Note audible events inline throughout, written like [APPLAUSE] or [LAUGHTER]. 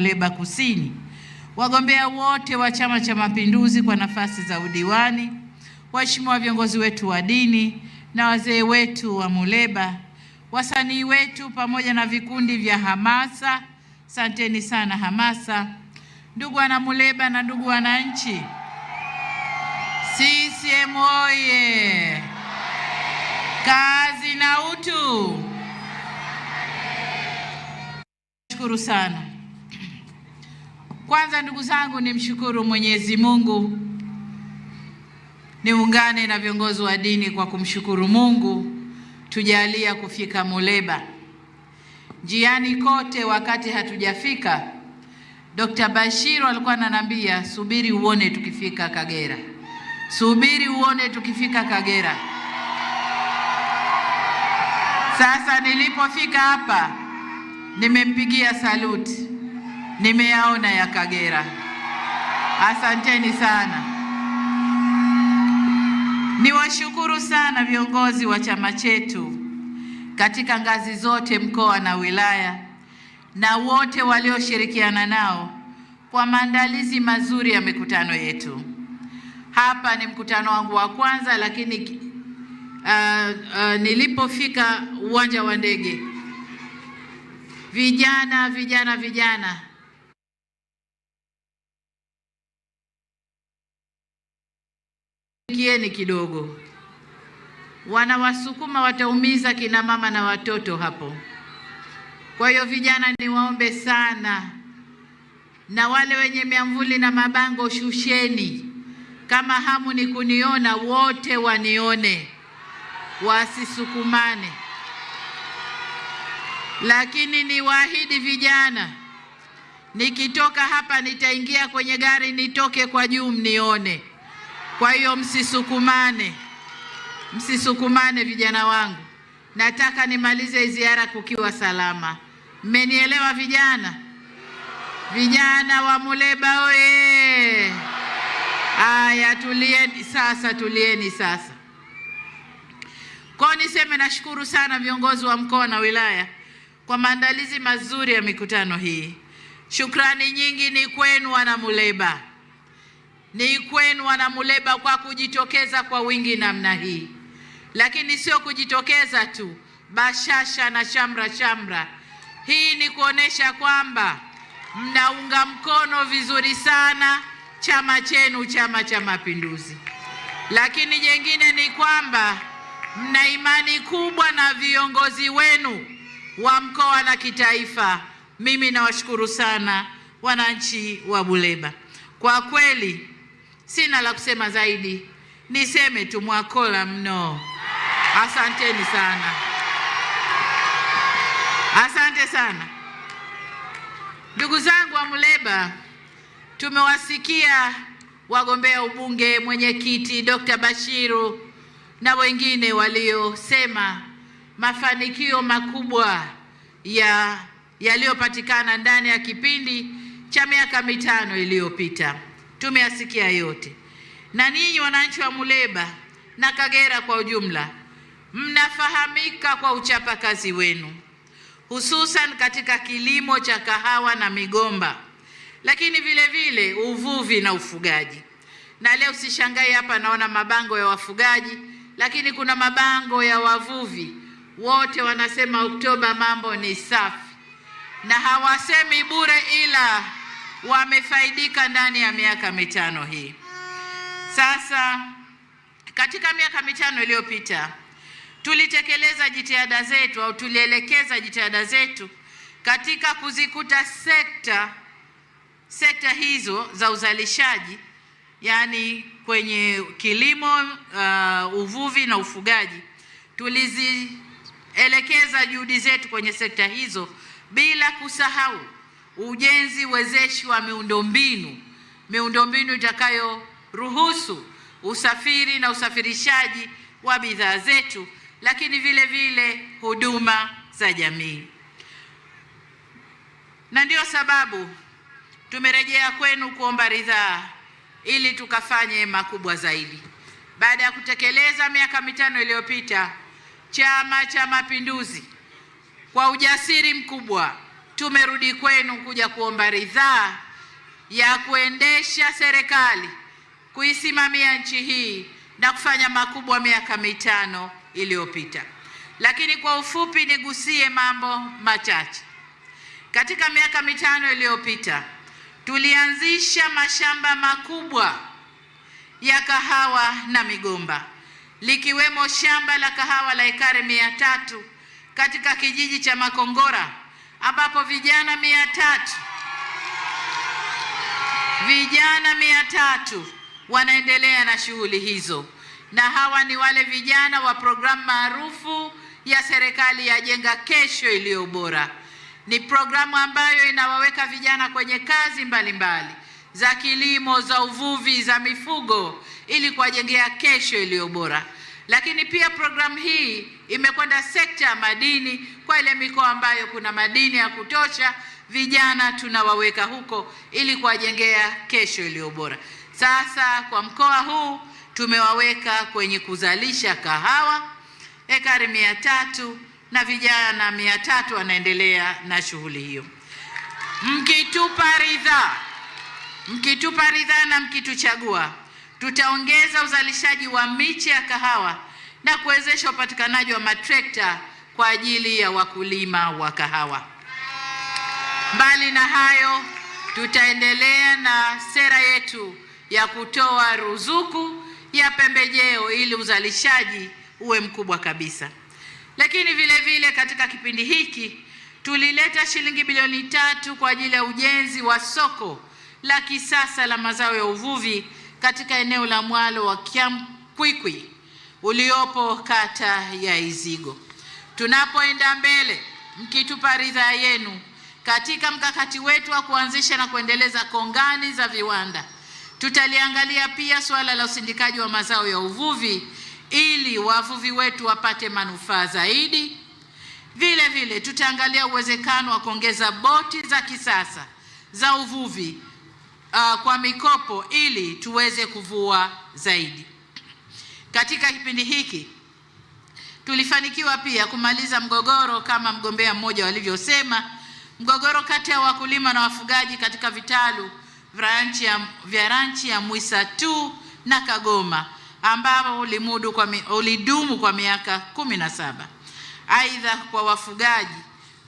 Muleba Kusini. Wagombea wote wa Chama cha Mapinduzi kwa nafasi za udiwani, waheshimiwa viongozi wetu wa dini na wazee wetu wa Muleba, wasanii wetu pamoja na vikundi vya hamasa, santeni sana hamasa. Ndugu wana Muleba na ndugu wananchi, CCM oye! Kazi na utu. Shukuru sana. Kwanza ndugu zangu, nimshukuru Mwenyezi Mungu, niungane na viongozi wa dini kwa kumshukuru Mungu tujalia kufika Muleba. Njiani kote wakati hatujafika, Dr. Bashiru alikuwa ananiambia subiri uone tukifika Kagera, subiri uone tukifika Kagera. Sasa nilipofika hapa, nimempigia saluti nimeyaona ya Kagera. Asanteni sana. Niwashukuru sana viongozi wa chama chetu katika ngazi zote mkoa na wilaya na wote walioshirikiana nao kwa maandalizi mazuri ya mikutano yetu. Hapa ni mkutano wangu wa kwanza, lakini uh, uh, nilipofika uwanja wa ndege, vijana vijana vijana Kieni kidogo, wanawasukuma wataumiza kina mama na watoto hapo. Kwa hiyo vijana, niwaombe sana, na wale wenye miamvuli na mabango shusheni. Kama hamu ni kuniona, wote wanione, wasisukumane. Lakini niwaahidi vijana, nikitoka hapa nitaingia kwenye gari, nitoke kwa juu, mnione. Kwa hiyo msisukumane, msisukumane vijana wangu, nataka nimalize ziara kukiwa salama. Mmenielewa vijana? Vijana wa Muleba oye! aya tulieni sasa, tulieni sasa. Kwa niseme nashukuru sana viongozi wa mkoa na wilaya kwa maandalizi mazuri ya mikutano hii. Shukrani nyingi ni kwenu wana Muleba ni kwenu wanamuleba kwa kujitokeza kwa wingi namna hii, lakini sio kujitokeza tu bashasha na shamra shamra. Hii ni kuonesha kwamba mnaunga mkono vizuri sana chama chenu, Chama cha Mapinduzi. Lakini jengine ni kwamba mna imani kubwa na viongozi wenu wa mkoa na kitaifa. Mimi nawashukuru sana wananchi wa Buleba kwa kweli Sina la kusema zaidi, niseme tu mwakola mno. Asanteni sana, asante sana ndugu zangu wa Muleba. Tumewasikia wagombea ubunge, mwenyekiti Dr. Bashiru na wengine waliosema mafanikio makubwa ya yaliyopatikana ndani ya kipindi cha miaka mitano iliyopita tumeyasikia yote, na ninyi wananchi wa Muleba na Kagera kwa ujumla mnafahamika kwa uchapakazi wenu, hususan katika kilimo cha kahawa na migomba, lakini vile vile uvuvi na ufugaji. Na leo sishangai, hapa naona mabango ya wafugaji, lakini kuna mabango ya wavuvi. Wote wanasema Oktoba mambo ni safi, na hawasemi bure ila wamefaidika ndani ya miaka mitano hii. Sasa katika miaka mitano iliyopita tulitekeleza jitihada zetu au tulielekeza jitihada zetu katika kuzikuta sekta sekta hizo za uzalishaji, yaani kwenye kilimo, uh, uvuvi na ufugaji. Tulizielekeza juhudi zetu kwenye sekta hizo bila kusahau ujenzi wezeshi wa miundombinu, miundombinu itakayoruhusu usafiri na usafirishaji wa bidhaa zetu, lakini vile vile huduma za jamii. Na ndio sababu tumerejea kwenu kuomba ridhaa ili tukafanye makubwa zaidi. Baada ya kutekeleza miaka mitano iliyopita, Chama cha Mapinduzi kwa ujasiri mkubwa tumerudi kwenu kuja kuomba ridhaa ya kuendesha serikali, kuisimamia nchi hii na kufanya makubwa miaka mitano iliyopita. Lakini kwa ufupi nigusie mambo machache. Katika miaka mitano iliyopita tulianzisha mashamba makubwa ya kahawa na migomba likiwemo shamba la kahawa la ekari mia tatu katika kijiji cha Makongora ambapo vijana mia tatu vijana mia tatu wanaendelea na shughuli hizo, na hawa ni wale vijana wa programu maarufu ya serikali ya Jenga Kesho iliyo Bora. Ni programu ambayo inawaweka vijana kwenye kazi mbalimbali mbali za kilimo, za uvuvi, za mifugo ili kuwajengea kesho iliyo bora. Lakini pia programu hii imekwenda sekta ya madini kwa ile mikoa ambayo kuna madini ya kutosha, vijana tunawaweka huko ili kuwajengea kesho iliyo bora. Sasa kwa mkoa huu tumewaweka kwenye kuzalisha kahawa ekari mia tatu na vijana mia tatu wanaendelea na shughuli hiyo. Mkitupa ridhaa, mkitupa ridhaa na mkituchagua Tutaongeza uzalishaji wa miche ya kahawa na kuwezesha upatikanaji wa matrekta kwa ajili ya wakulima wa kahawa. Mbali na hayo, tutaendelea na sera yetu ya kutoa ruzuku ya pembejeo ili uzalishaji uwe mkubwa kabisa. Lakini vile vile katika kipindi hiki tulileta shilingi bilioni tatu kwa ajili ya ujenzi wa soko la kisasa la mazao ya uvuvi katika eneo la mwalo wa Kyamkwikwi uliopo kata ya Izigo. Tunapoenda mbele, mkitupa ridhaa yenu katika mkakati wetu wa kuanzisha na kuendeleza kongani za viwanda, tutaliangalia pia suala la usindikaji wa mazao ya uvuvi ili wavuvi wetu wapate manufaa zaidi. Vile vile tutaangalia uwezekano wa kuongeza boti za kisasa za uvuvi uh, kwa mikopo ili tuweze kuvua zaidi. Katika kipindi hiki tulifanikiwa pia kumaliza mgogoro kama mgombea mmoja walivyosema, mgogoro kati ya wakulima na wafugaji katika vitalu vya ranchi ya Mwisa tu na Kagoma ambapo ulimudu kwa, ulidumu kwa miaka kumi na saba. Aidha, kwa wafugaji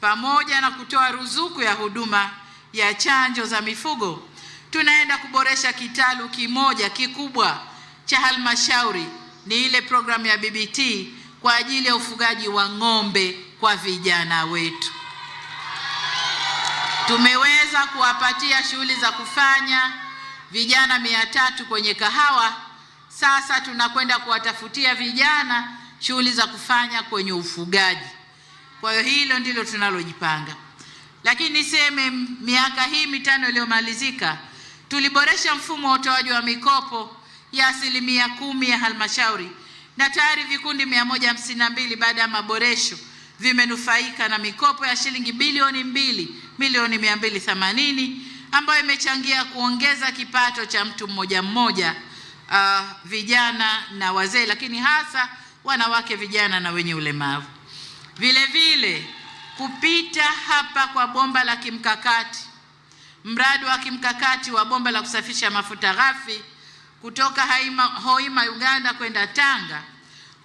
pamoja na kutoa ruzuku ya huduma ya chanjo za mifugo Tunaenda kuboresha kitalu kimoja kikubwa cha halmashauri, ni ile programu ya BBT kwa ajili ya ufugaji wa ng'ombe kwa vijana wetu. Tumeweza kuwapatia shughuli za kufanya vijana mia tatu kwenye kahawa. Sasa tunakwenda kuwatafutia vijana shughuli za kufanya kwenye ufugaji. Kwa hiyo hilo ndilo tunalojipanga, lakini niseme miaka hii mitano iliyomalizika tuliboresha mfumo wa utoaji wa mikopo ya asilimia kumi ya halmashauri na tayari vikundi mbili baada ya maboresho vimenufaika na mikopo ya shilingi bilioni mbili milioni themanini ambayo imechangia kuongeza kipato cha mtu mmoja mmoja, uh, vijana na wazee, lakini hasa wanawake, vijana na wenye ulemavu. Vile vile kupita hapa kwa bomba la kimkakati mradi wa kimkakati wa bomba la kusafisha mafuta ghafi kutoka Haima, Hoima Uganda kwenda Tanga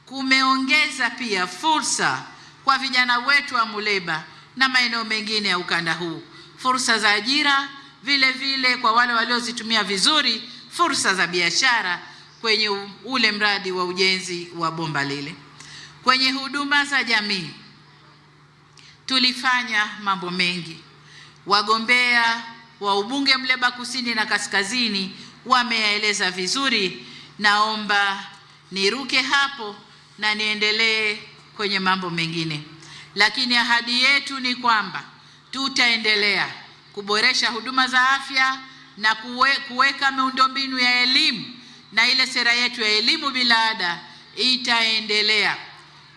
kumeongeza pia fursa kwa vijana wetu wa Muleba na maeneo mengine ya ukanda huu, fursa za ajira, vile vile kwa wale waliozitumia vizuri, fursa za biashara kwenye ule mradi wa ujenzi wa bomba lile. Kwenye huduma za jamii tulifanya mambo mengi, wagombea wa ubunge Mleba kusini na kaskazini wameyaeleza vizuri. Naomba niruke hapo na niendelee kwenye mambo mengine, lakini ahadi yetu ni kwamba tutaendelea kuboresha huduma za afya na kuweka miundombinu ya elimu, na ile sera yetu ya elimu bila ada itaendelea.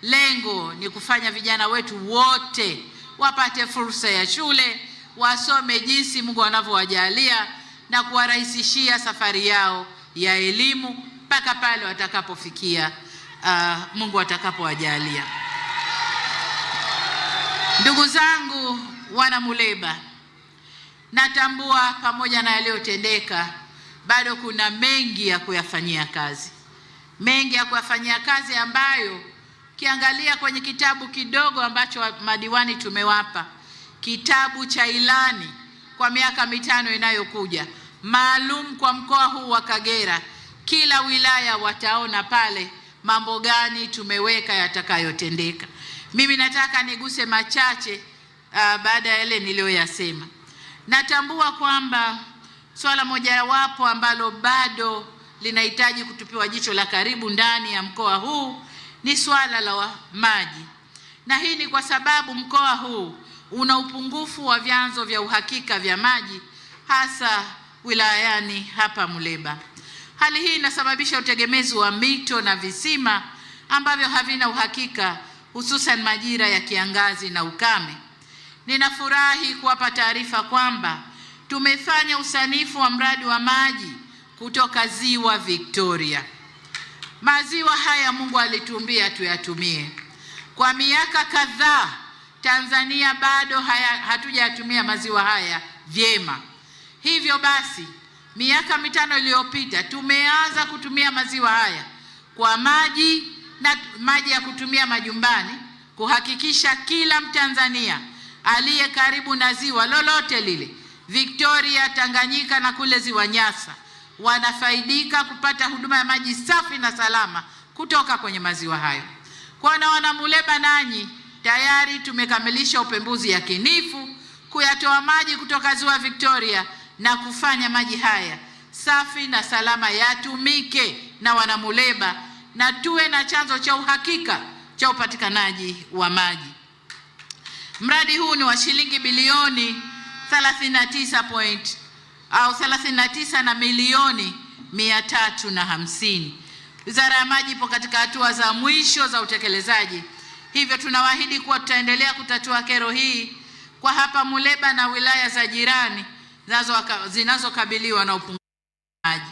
Lengo ni kufanya vijana wetu wote wapate fursa ya shule wasome jinsi Mungu anavyowajalia na kuwarahisishia safari yao ya elimu mpaka pale watakapofikia, uh, Mungu atakapowajalia. Ndugu zangu wana Muleba, natambua pamoja na yaliyotendeka bado kuna mengi ya kuyafanyia kazi, mengi ya kuyafanyia kazi ambayo ukiangalia kwenye kitabu kidogo ambacho madiwani tumewapa kitabu cha ilani kwa miaka mitano inayokuja maalum kwa mkoa huu wa Kagera. Kila wilaya wataona pale mambo gani tumeweka yatakayotendeka. Mimi nataka niguse machache uh, baada ya yale niliyoyasema. Natambua kwamba swala moja wapo ambalo bado linahitaji kutupiwa jicho la karibu ndani ya mkoa huu ni swala la maji, na hii ni kwa sababu mkoa huu una upungufu wa vyanzo vya uhakika vya maji hasa wilayani hapa Muleba. Hali hii inasababisha utegemezi wa mito na visima ambavyo havina uhakika hususan majira ya kiangazi na ukame. Ninafurahi kuwapa taarifa kwamba tumefanya usanifu wa mradi wa maji kutoka Ziwa Victoria. Maziwa haya Mungu alitumbia tuyatumie. Kwa miaka kadhaa Tanzania bado hatujayatumia maziwa haya vyema. Hivyo basi, miaka mitano iliyopita tumeanza kutumia maziwa haya kwa maji na maji ya kutumia majumbani, kuhakikisha kila Mtanzania aliye karibu na ziwa lolote lile, Victoria, Tanganyika na kule ziwa Nyasa, wanafaidika kupata huduma ya maji safi na salama kutoka kwenye maziwa hayo. Kwa na Wanamuleba nanyi tayari tumekamilisha upembuzi yakinifu kuyatoa maji kutoka ziwa Victoria na kufanya maji haya safi na salama yatumike na Wanamuleba na tuwe na chanzo cha uhakika cha upatikanaji wa maji. Mradi huu ni wa shilingi bilioni 39 point, au 39 na milioni mia tatu na hamsini. Wizara ya Maji ipo katika hatua za mwisho za utekelezaji. Hivyo tunawaahidi kuwa tutaendelea kutatua kero hii kwa hapa Muleba na wilaya za jirani zinazokabiliwa na upungufu wa maji.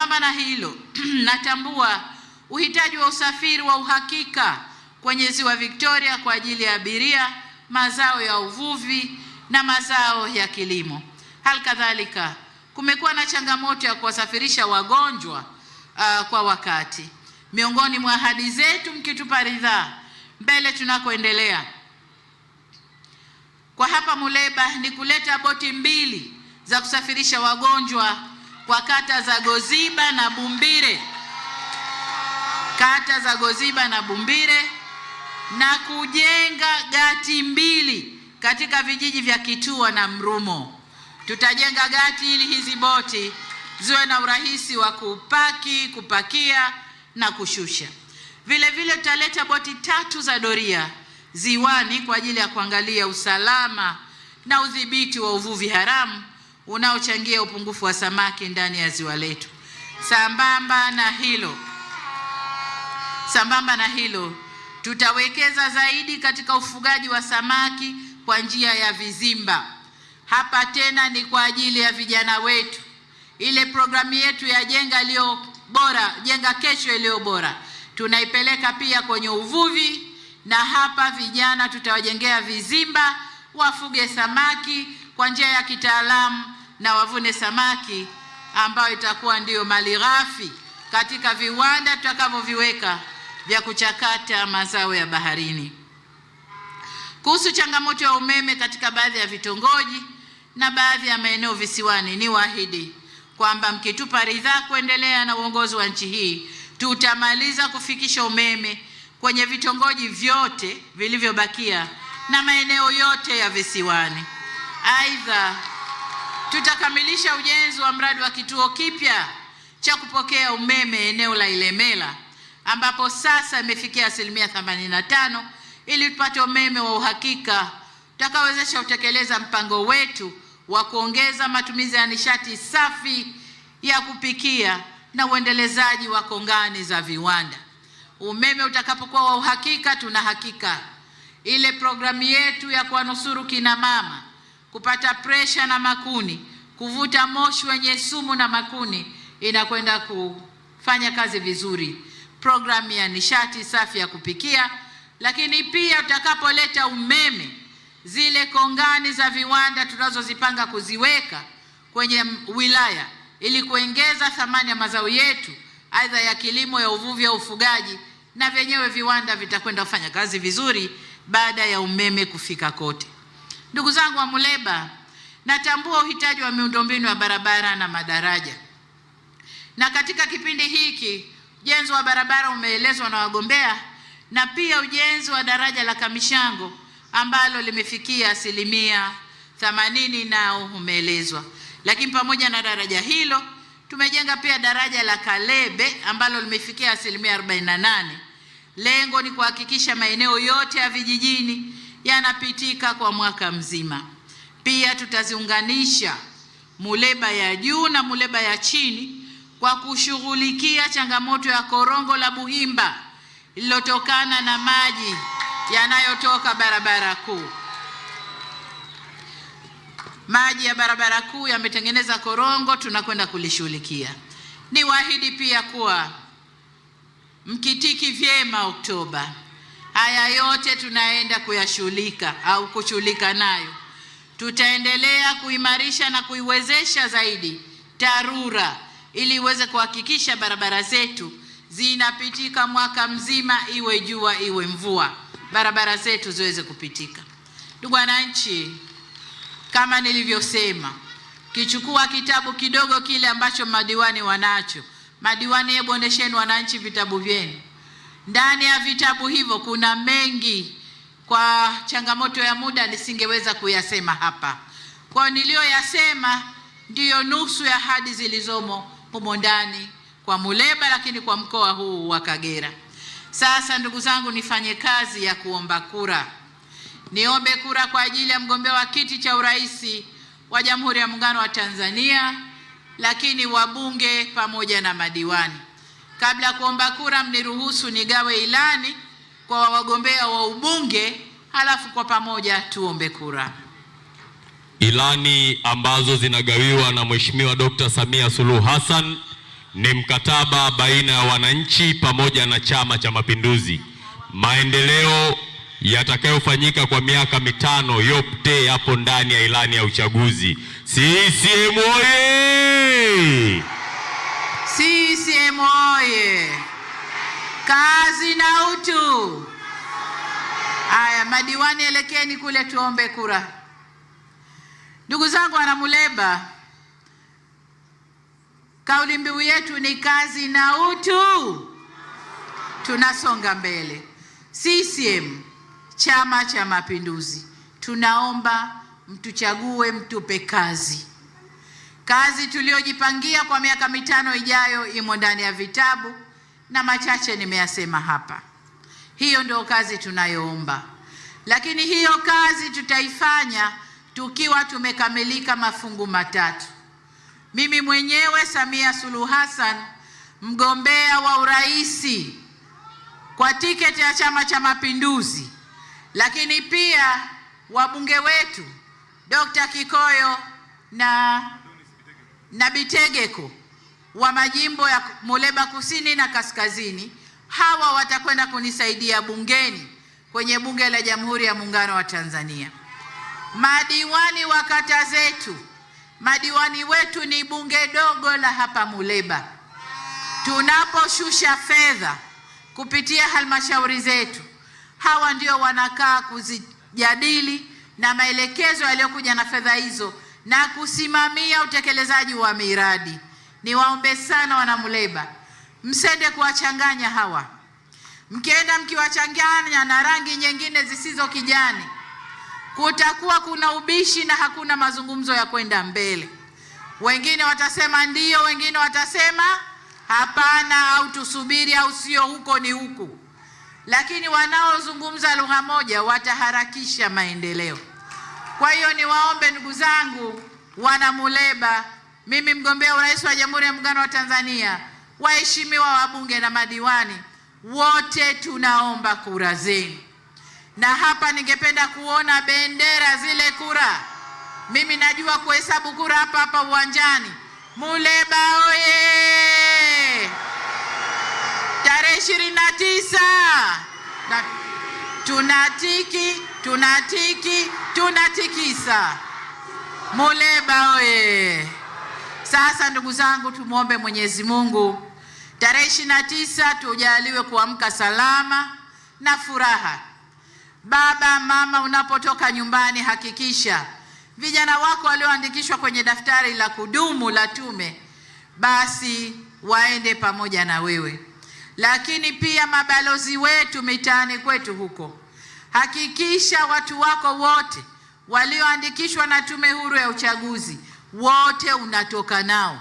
Kama na hilo [CLEARS THROAT] natambua uhitaji wa usafiri wa uhakika kwenye ziwa Victoria kwa ajili ya abiria, mazao ya uvuvi na mazao ya kilimo. Hali kadhalika kumekuwa na changamoto ya kuwasafirisha wagonjwa uh, kwa wakati. Miongoni mwa ahadi zetu mkitupa ridhaa mbele tunakoendelea. Kwa hapa Muleba ni kuleta boti mbili za kusafirisha wagonjwa kwa kata za Goziba na Bumbire, kata za Goziba na Bumbire, na kujenga gati mbili katika vijiji vya Kitua na Mrumo. Tutajenga gati ili hizi boti ziwe na urahisi wa kupaki, kupakia na kushusha. Vile vile tutaleta boti tatu za doria ziwani kwa ajili ya kuangalia usalama na udhibiti wa uvuvi haramu unaochangia upungufu wa samaki ndani ya ziwa letu. Sambamba na hilo, sambamba na hilo tutawekeza zaidi katika ufugaji wa samaki kwa njia ya vizimba. Hapa tena ni kwa ajili ya vijana wetu, ile programu yetu ya jenga iliyo bora, jenga kesho iliyo bora Tunaipeleka pia kwenye uvuvi, na hapa vijana tutawajengea vizimba wafuge samaki kwa njia ya kitaalamu na wavune samaki ambayo itakuwa ndiyo mali ghafi katika viwanda tutakavyoviweka vya kuchakata mazao ya baharini. Kuhusu changamoto ya umeme katika baadhi ya vitongoji na baadhi ya maeneo visiwani, ni waahidi kwamba mkitupa ridhaa kuendelea na uongozi wa nchi hii tutamaliza kufikisha umeme kwenye vitongoji vyote vilivyobakia na maeneo yote ya visiwani. Aidha, tutakamilisha ujenzi wa mradi wa kituo kipya cha kupokea umeme eneo la Ilemela ambapo sasa imefikia asilimia 85 ili tupate umeme wa uhakika utakaowezesha kutekeleza mpango wetu wa kuongeza matumizi ya nishati safi ya kupikia na uendelezaji wa kongani za viwanda. Umeme utakapokuwa wa uhakika, tuna hakika ile programu yetu ya kuwanusuru kina mama kupata presha na makuni, kuvuta moshi wenye sumu na makuni inakwenda kufanya kazi vizuri. Programu ya nishati safi ya kupikia, lakini pia utakapoleta umeme, zile kongani za viwanda tunazozipanga kuziweka kwenye wilaya ili kuongeza thamani ya mazao yetu, aidha ya kilimo, ya uvuvi au ufugaji, na vyenyewe viwanda vitakwenda kufanya kazi vizuri baada ya umeme kufika kote. Ndugu zangu wa Muleba, natambua uhitaji wa miundombinu ya barabara na madaraja, na katika kipindi hiki ujenzi wa barabara umeelezwa na wagombea na pia ujenzi wa daraja la Kamishango ambalo limefikia asilimia themanini nao umeelezwa. Lakini pamoja na daraja hilo tumejenga pia daraja la Kalebe ambalo limefikia asilimia 48. Lengo ni kuhakikisha maeneo yote ya vijijini yanapitika kwa mwaka mzima. Pia tutaziunganisha Muleba ya juu na Muleba ya chini kwa kushughulikia changamoto ya korongo la Buhimba lililotokana na maji yanayotoka barabara kuu maji ya barabara kuu yametengeneza korongo, tunakwenda kulishughulikia. Niwaahidi pia kuwa mkitiki vyema Oktoba. Haya yote tunaenda kuyashughulika au kushughulika nayo. Tutaendelea kuimarisha na kuiwezesha zaidi TARURA ili iweze kuhakikisha barabara zetu zinapitika mwaka mzima, iwe jua iwe mvua, barabara zetu ziweze kupitika. Ndugu wananchi kama nilivyosema, kichukua kitabu kidogo kile ambacho madiwani wanacho. Madiwani, hebu ondesheni wananchi vitabu vyenu. Ndani ya vitabu hivyo kuna mengi, kwa changamoto ya muda nisingeweza kuyasema hapa. Kwa niliyoyasema ndiyo nusu ya hadi zilizomo humo ndani kwa Muleba, lakini kwa mkoa huu wa Kagera. Sasa ndugu zangu, nifanye kazi ya kuomba kura. Niombe kura kwa ajili ya mgombea wa kiti cha urais wa Jamhuri ya Muungano wa Tanzania, lakini wabunge pamoja na madiwani. Kabla ya kuomba kura, mniruhusu nigawe ilani kwa wagombea wa ubunge, halafu kwa pamoja tuombe kura. Ilani ambazo zinagawiwa na Mheshimiwa Dr. Samia Suluhu Hassan ni mkataba baina ya wananchi pamoja na Chama cha Mapinduzi, maendeleo yatakayofanyika kwa miaka mitano yote yapo ndani ya ilani ya uchaguzi. CCM oye! CCM oye! Kazi na utu. Aya, madiwani elekeni kule tuombe kura. Ndugu zangu Wanamuleba, kauli mbiu yetu ni kazi na utu, tunasonga mbele. CCM Chama cha Mapinduzi, tunaomba mtuchague, mtupe kazi. Kazi tuliyojipangia kwa miaka mitano ijayo imo ndani ya vitabu na machache nimeyasema hapa. Hiyo ndio kazi tunayoomba, lakini hiyo kazi tutaifanya tukiwa tumekamilika mafungu matatu. Mimi mwenyewe Samia Suluhu Hassan, mgombea wa uraisi kwa tiketi ya Chama cha Mapinduzi lakini pia wabunge wetu Dr. Kikoyo na, na Bitegeko wa majimbo ya Muleba Kusini na Kaskazini, hawa watakwenda kunisaidia bungeni kwenye Bunge la Jamhuri ya Muungano wa Tanzania. Madiwani wa kata zetu, madiwani wetu ni bunge dogo la hapa Muleba. Tunaposhusha fedha kupitia halmashauri zetu hawa ndio wanakaa kuzijadili na maelekezo yaliyokuja na fedha hizo na kusimamia utekelezaji wa miradi. Niwaombe sana wanamuleba msende kuwachanganya hawa. Mkienda mkiwachanganya na rangi nyingine zisizo kijani, kutakuwa kuna ubishi na hakuna mazungumzo ya kwenda mbele. Wengine watasema ndio, wengine watasema hapana, au tusubiri, au sio, huko ni huku lakini wanaozungumza lugha moja wataharakisha maendeleo. Kwa hiyo niwaombe ndugu zangu Wanamuleba, mimi mgombea urais wa Jamhuri ya Muungano wa Tanzania, waheshimiwa wabunge na madiwani wote, tunaomba kura zenu, na hapa ningependa kuona bendera zile kura. Mimi najua kuhesabu kura hapa hapa uwanjani. Muleba oye! tarehe 29 na tunatiki tunatiki tunatikisa Muleba oye! Sasa ndugu zangu, tumwombe Mwenyezi Mungu tarehe 29 tujaliwe kuamka salama na furaha. Baba mama, unapotoka nyumbani hakikisha vijana wako walioandikishwa kwenye daftari la kudumu la tume basi waende pamoja na wewe lakini pia mabalozi wetu mitaani kwetu huko, hakikisha watu wako wote walioandikishwa na Tume Huru ya Uchaguzi wote unatoka nao,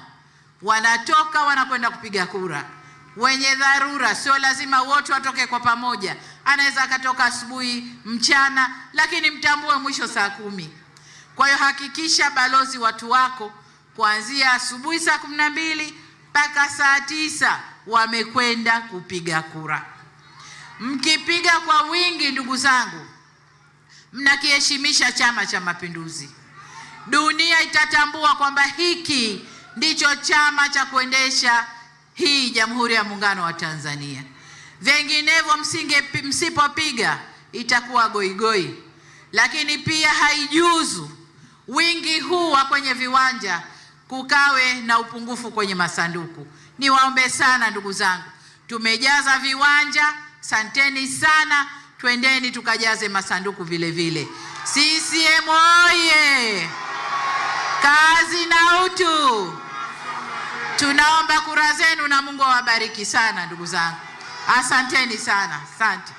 wanatoka wanakwenda kupiga kura. Wenye dharura, sio lazima wote watoke kwa pamoja, anaweza akatoka asubuhi, mchana, lakini mtambue mwisho saa kumi. Kwa hiyo hakikisha balozi, watu wako kuanzia asubuhi saa kumi na mbili mpaka saa tisa wamekwenda kupiga kura. Mkipiga kwa wingi, ndugu zangu, mnakiheshimisha Chama cha Mapinduzi. Dunia itatambua kwamba hiki ndicho chama cha kuendesha hii Jamhuri ya Muungano wa Tanzania. Vinginevyo msinge msipopiga itakuwa goigoi. Lakini pia haijuzu wingi huu wa kwenye viwanja kukawe na upungufu kwenye masanduku. Niwaombe sana ndugu zangu, tumejaza viwanja, santeni sana, twendeni tukajaze masanduku vile vile. CCM oye! Kazi na utu. Tunaomba kura zenu na Mungu awabariki sana ndugu zangu, asanteni sana, asante.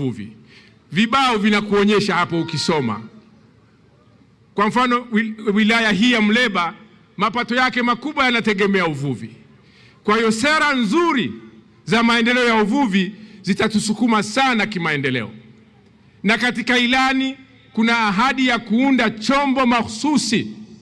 uvuvi. Vibao vinakuonyesha hapo ukisoma. Kwa mfano, wilaya hii ya Muleba mapato yake makubwa yanategemea uvuvi. Kwa hiyo sera nzuri za maendeleo ya uvuvi zitatusukuma sana kimaendeleo. Na katika ilani kuna ahadi ya kuunda chombo mahususi